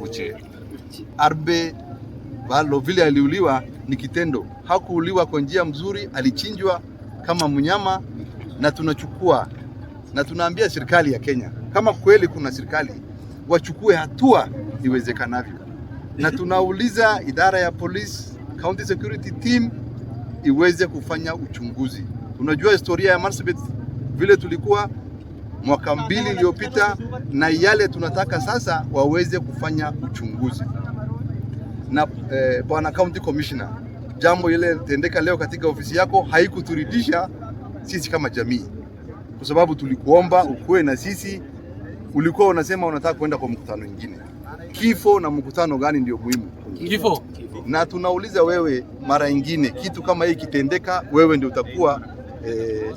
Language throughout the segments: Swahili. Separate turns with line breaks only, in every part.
Uche Arbe Balo vile aliuliwa ni kitendo, hakuuliwa kwa njia mzuri, alichinjwa kama mnyama, na tunachukua na tunaambia serikali ya Kenya, kama kweli kuna serikali, wachukue hatua iwezekanavyo, na tunauliza idara ya polisi, county security team iweze kufanya uchunguzi. Unajua historia ya Marsabit vile tulikuwa mwaka mbili iliyopita na yale tunataka sasa, waweze kufanya uchunguzi na eh, bwana county commissioner, jambo ile tendeka leo katika ofisi yako haikuturidisha sisi kama jamii, kwa sababu tulikuomba ukuwe na sisi, ulikuwa unasema unataka kwenda kwa mkutano mwingine kifo na mkutano gani ndio muhimu? Kifo. Na tunauliza wewe, mara nyingine kitu kama hii kitendeka, wewe ndio utakuwa eh,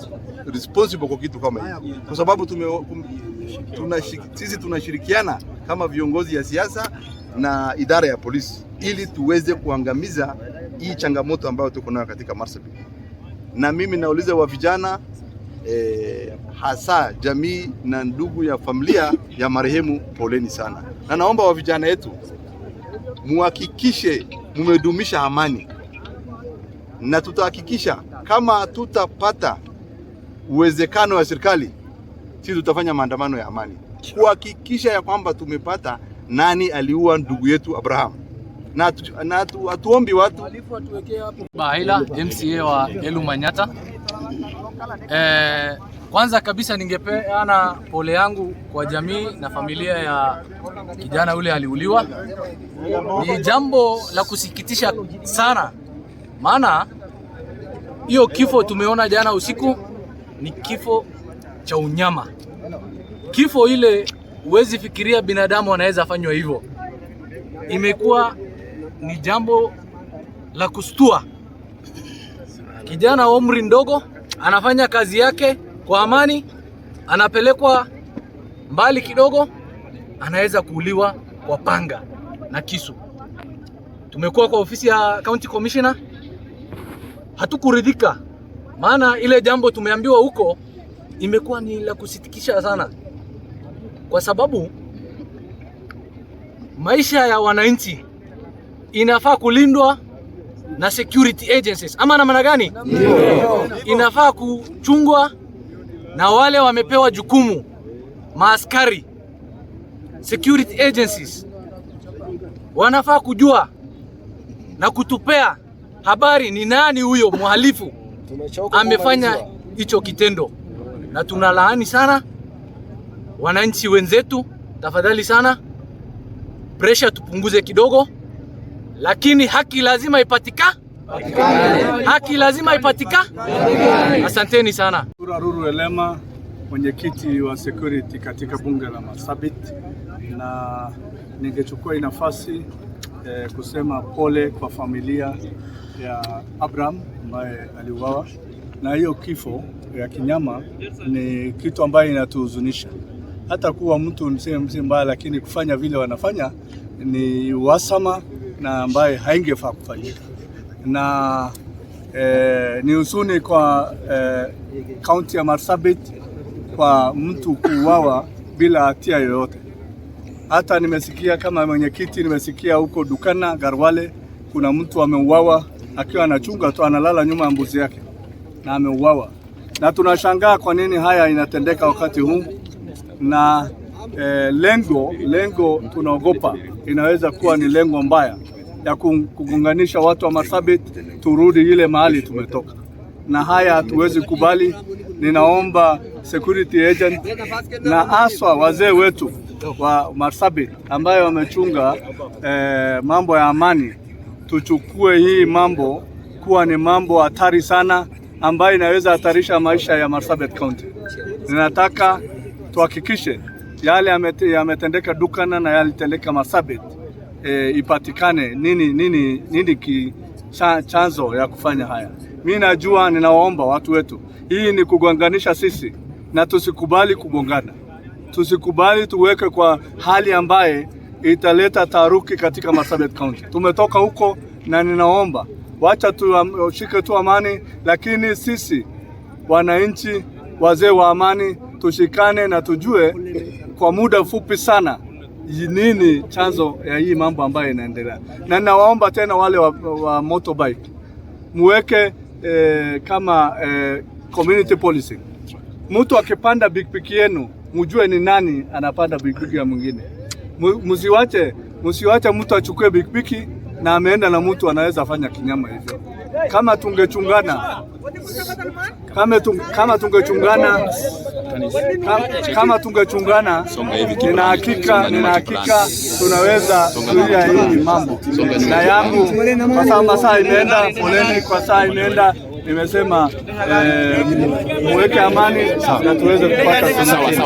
responsible kwa kitu kama hii, kwa sababu tume, kum, tunashik, sisi tunashirikiana kama viongozi ya siasa na idara ya polisi ili tuweze kuangamiza hii changamoto ambayo tuko nayo katika Marsabit. Na mimi nauliza wa vijana eh, hasa jamii na ndugu ya familia ya marehemu, poleni sana, na naomba wa vijana wetu muhakikishe mumedumisha amani, na tutahakikisha kama tutapata uwezekano wa serikali, sisi tutafanya maandamano ya amani kuhakikisha ya kwamba tumepata nani aliua ndugu yetu Abraham na hatuombi watu
Baila, MCA wa Elu Manyata. Eh, kwanza kabisa ningepeana pole yangu kwa jamii na familia ya kijana yule aliuliwa. Ni jambo la kusikitisha sana, maana hiyo kifo tumeona jana usiku ni kifo cha unyama, kifo ile huwezi fikiria binadamu anaweza fanywa hivyo. Imekuwa ni jambo la kustua, kijana wa umri ndogo anafanya kazi yake kwa amani, anapelekwa mbali kidogo, anaweza kuuliwa kwa panga na kisu. Tumekuwa kwa ofisi ya county commissioner, hatukuridhika, maana ile jambo tumeambiwa huko imekuwa ni la kusitikisha sana, kwa sababu maisha ya wananchi inafaa kulindwa na security agencies, ama na maana gani? Inafaa kuchungwa na wale wamepewa jukumu, maaskari security agencies wanafaa kujua na kutupea habari ni nani huyo mhalifu amefanya hicho kitendo, na tunalaani sana wananchi wenzetu. Tafadhali sana, presha tupunguze kidogo lakini haki lazima ipatika
haki lazima ipatika
Asanteni sana.
Ruru Elema, mwenyekiti wa security katika bunge la Marsabit, na ningechukua hii nafasi eh, kusema pole kwa familia ya Abraham ambaye aliuawa, na hiyo kifo ya kinyama ni kitu ambayo inatuhuzunisha. Hata kuwa mtu msee mbaya, lakini kufanya vile wanafanya ni uhasama na ambaye haingefaa kufanyika na eh, ni husuni kwa eh, kaunti eh, ya Marsabit kwa mtu kuuawa bila hatia yoyote. Hata nimesikia kama mwenyekiti, nimesikia huko Dukana Garwale kuna mtu ameuawa akiwa anachunga tu, analala nyuma ya mbuzi yake na ameuawa, na tunashangaa kwa nini haya inatendeka wakati huu na eh, lengo lengo tunaogopa inaweza kuwa ni lengo mbaya ya kugonganisha watu wa Marsabit turudi ile mahali tumetoka, na haya hatuwezi kubali. Ninaomba security agent na aswa wazee wetu wa Marsabit ambayo wamechunga eh, mambo ya amani, tuchukue hii mambo kuwa ni mambo hatari sana ambayo inaweza hatarisha maisha ya Marsabit County. Ninataka tuhakikishe yale yametendeka Dukana na yalitendeka Marsabit e, ipatikane nini, nini, nini ki, cha, chanzo ya kufanya haya. Mi najua, ninawaomba watu wetu, hii ni kugonganisha sisi, na tusikubali kugongana, tusikubali tuweke kwa hali ambaye italeta taharuki katika Marsabit County. Tumetoka huko na ninaomba wacha tushike tu amani, lakini sisi wananchi, wazee wa amani, tushikane na tujue kwa muda mfupi sana nini chanzo ya hii mambo ambayo inaendelea, na nawaomba tena wale wa, wa motorbike muweke eh, kama eh, community policy. Mtu akipanda pikipiki yenu mjue ni nani anapanda pikipiki ya mwingine. Msiwache msiwache mtu achukue pikipiki na ameenda na mtu anaweza fanya kinyama hivyo. Kama tungechungana kama, tung, kama tungechungana kama tungechungana, nina hakika nina hakika tunaweza kuzuia hii mambo na yangu, kwa sababu masaa imeenda poleni, kwa saa imeenda nimesema, eh, muweke amani na tuweze kupata